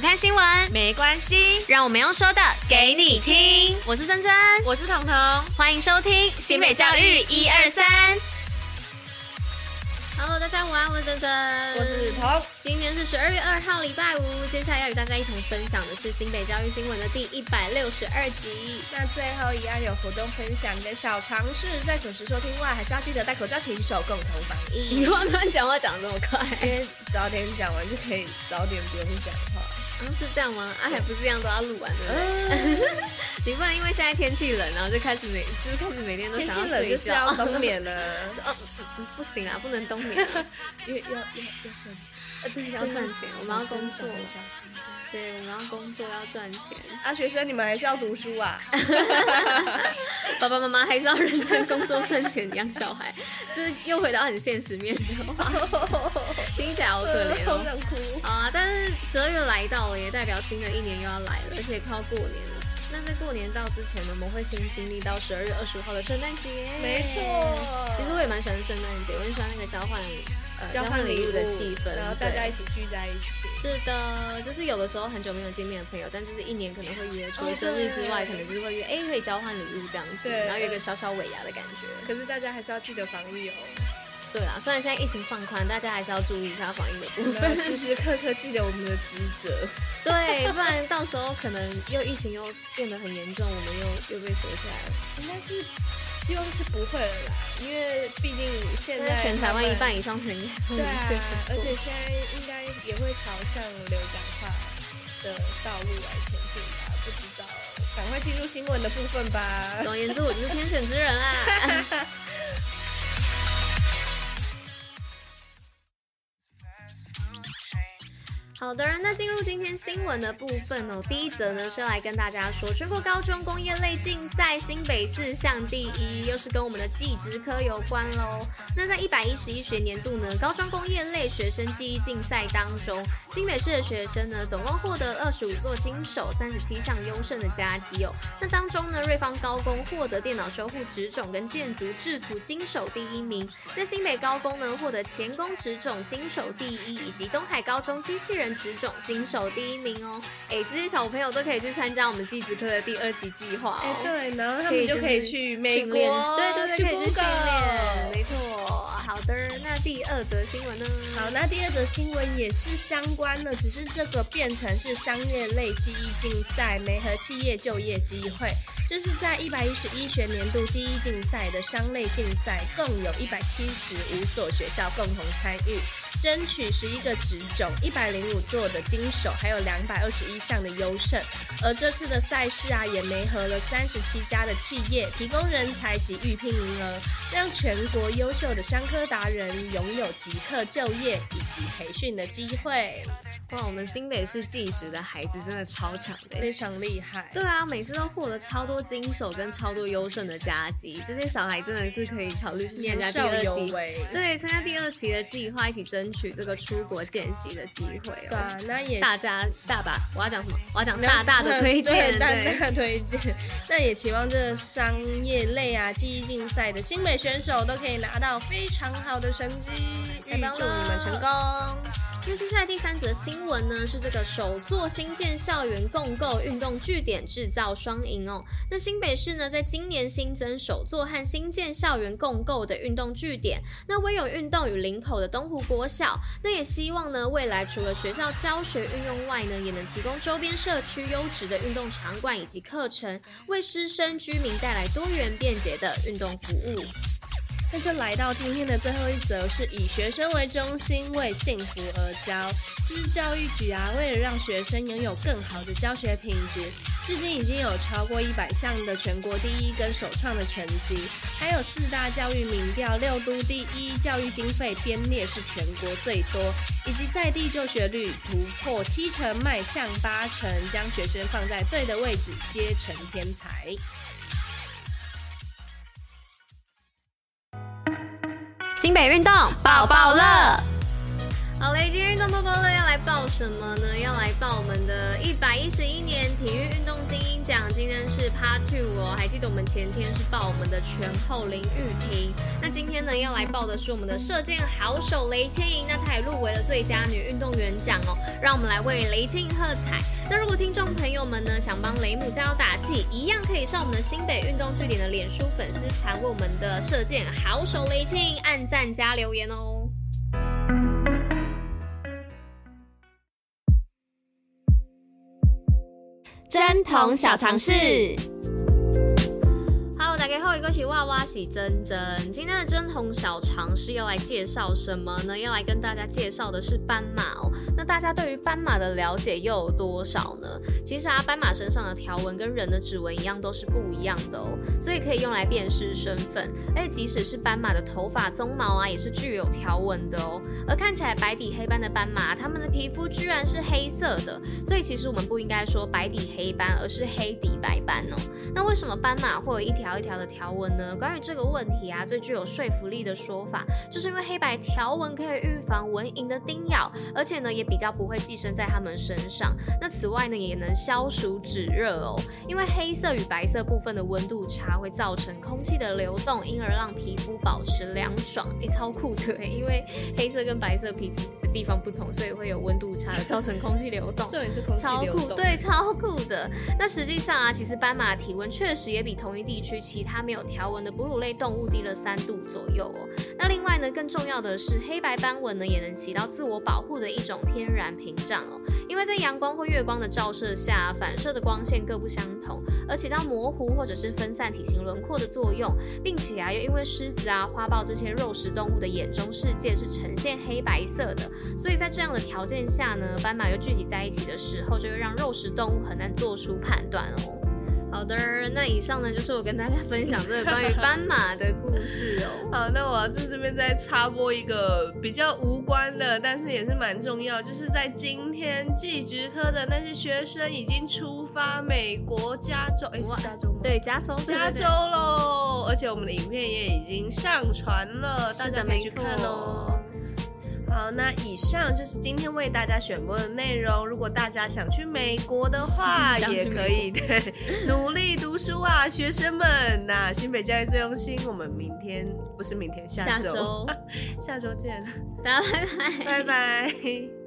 看新聞沒關係，讓我沒用說的給你聽。你聽，我是貞貞，我是彤彤，彤彤歡迎收聽新北教育一二三。Hello，大家午安，我是貞貞，我是彤。今天是十二月二號，禮拜五。接下來要與大家一同分享的是新北教育新聞的第一百六十二集。那最後一樣有活動分享的小常識，在準時收聽外，還是要記得戴口罩、勤洗手、共同防疫。你為什麼講話講這麼快？因為早點講完就可以早點不用講話。不、嗯、是這樣嗎？啊、嗯，還不是這樣，都要錄完的。對不對？嗯、 你不能因為現在天氣冷，然後就開始每，就是開始每天都想要睡覺，冷就要冬眠了、 哦不不。不行啊，不能冬眠、啊，要要要要。對，啊、要賺錢，我們要工作了。對，我們要工作，要賺錢。啊，學生，你們還是要讀書啊！ 爸爸媽媽還是要認真工作賺錢養小孩，這、就是又回到很現實面的話，oh. 聽起來好可憐，oh, 好想哭好啊！但是十二月來到了，也代表新的一年又要來了，而且快要過年了。那在過年到之前呢，我們會先經歷到十二月二十五號的聖誕節。沒錯錯，其實我也蠻喜歡聖誕節，我很喜歡那個交換、呃、交換禮物的氣氛，對然後大家一起聚在一起。是的，就是有的時候很久沒有見面的朋友，但就是一年可能會約，除了生日之外，oh, okay, okay. 可能就是會約，哎、欸，可以交換禮物這樣子，的然後有一個小小尾牙的感覺。可是大家還是要記得防疫哦。對啊，雖然現在疫情放寬，大家還是要注意一下防疫的部分，時時刻刻記得我們的職責。 對，不然到時候可能又疫情又變得很嚴重，我們又又被鎖起來了。應該是，希望是不會了啦，因為畢竟現在，現在全台灣一半以上是陽，對啊，而且現在應該也會朝向流感化的道路來前進吧，不知道。趕快進入新聞的部分吧。總而言之，我就是天選之人啦。 好的，那進入今天新聞的部分哦。第一則呢是要來跟大家說，全國高中工業類競賽新北四項第一，又是跟我們的技職科有關嘍。那在一百一十一學年度呢，高中工業類學生技藝競賽當中，新北市的學生呢，總共獲得二十五座金手、三十七項優勝的佳績哦。那當中呢，瑞芳高工獲得電腦修護職種跟建築製圖金手第一名，那新北高工呢獲得鉗工職種金手第一，以及東海高中機器人職種金手第一名哦，哎，這些小朋友都可以去參加我們技職科的第二期計劃哦。對呢，他們就可以去美國，對，對對去，去訓練。沒錯，好的，那第二則新聞呢？好，那第二則新聞也是相關的，只是這個變成是商業類技藝競賽，媒合企業就業機會。就是在一百一十一學年度技藝競賽的商類競賽，共有一百七十五所學校共同參與。爭取十一個職種，一百零五座的金手，還有兩百二十一項的優勝。而這次的賽事啊，也媒合了三十七家的企業提供人才及預聘名額，讓全國優秀的商科達人擁有即刻就業以及培訓的機會。哇，我們新北市技職的孩子真的超強的，的，非常厲害。對啊，每次都獲得超多金手跟超多優勝的佳績，這些小孩真的是可以考慮是參加第二期。對，參加第二期的計劃一起爭。爭取這個出國見習的機會、哦、對啊，那也大家大把，我要講什麼？我要講大大的推薦，嗯、對大大的推薦。那也期望這商業類啊、技藝競賽的新北選手都可以拿到非常好的成績，預祝你們成功。那接下來第三則新聞呢，是這個首座新建校園共構運動據點制造雙贏哦。那新北市呢，在今年新增首座和新建校園共構的運動據點，那唯有運動與林口的東湖國小，那也希望呢，未來除了學校教學運用外呢，也能提供周邊社區優質的運動場館以及課程，為師生居民帶來多元便捷的運動服務。那就來到今天的最後一則，是以學生為中心，為幸福而教。這是教育局啊，為了讓學生擁有更好的教學品質，至今已經有超過一百項的全國第一跟首創的成績，還有四大教育民調六都第一，教育經費編列是全國最多，以及在地就學率突破七成，邁向八成，將學生放在對的位置，皆成天才。新北運動報報樂，好嘞！今天運動報報樂要來報什麼呢？要來報我們的一百一十一年體育運動菁英獎。今天是 Part Two 哦，還記得我們前天是報我們的拳後林玉婷，那今天呢，要來報的是我們的射箭好手雷千瑩，那她也入圍了最佳女運動員獎哦。讓我們來為雷千瑩喝彩。那如果聽眾朋友們呢想幫雷姆加油打氣，一樣可以上我們的新北運動據點的臉書粉絲團，為我們的射箭好手雷慶按讚加留言哦。貞童小常識。哇哇！喜真真，今天的貞童小常識要來介紹什麼呢？要來跟大家介紹的是斑馬哦。那大家對於斑馬的了解又有多少呢？其實啊，斑馬身上的條紋跟人的指紋一樣，都是不一樣的哦，所以可以用來辨識身份。而且即使是斑馬的頭髮、鬃毛啊，也是具有條紋的哦。而看起來白底黑斑的斑馬，它們的皮膚居然是黑色的，所以其實我們不應該說白底黑斑，而是黑底白斑哦。那為什麼斑馬會有一條一條的條紋呢？關於這個問題啊，最具有說服力的說法，就是因為黑白條紋可以預防蚊蠅的叮咬，而且呢也比較不會寄生在它們身上。那此外呢，也能消暑止熱哦，因為黑色與白色部分的溫度差會造成空氣的流動，因而讓皮膚保持涼爽。誒、欸，超酷的、欸！因為黑色跟白色皮膚的地方不同，所以會有溫度差，造成空氣流動。這也是空氣流動。超酷，對，超酷的。那實際上啊，其實斑馬體溫確實也比同一地區其他沒有條紋紋的哺乳類動物低了三度左右哦。那另外呢，更重要的是，黑白斑紋呢也能起到自我保護的一種天然屏障哦。因為在陽光或月光的照射下，反射的光線各不相同，而起到模糊或者是分散體型輪廓的作用，並且啊，又因為獅子啊、花豹這些肉食動物的眼中世界是呈現黑白色的，所以在這樣的條件下呢，斑馬又聚集在一起的時候，就會讓肉食動物很難做出判斷哦。好的，那以上呢就是我跟大家分享這個關於斑馬的故事哦。 好，那我要在這邊再插播一個比較無關的，但是也是蠻重要，就是在今天，技職科的那些學生已經出發美國加州，哎、欸，是加州嗎？對，加州，對對對加州嘍。而且我們的影片也已經上傳了，大家可以去看哦。好，那以上就是今天為大家選播的內容。如果大家想去美國的話，也可以對努力讀書啊，學生們啊，那新北教育最用心，我們明天，不是明天，下周下周週 見，大家拜拜，拜拜。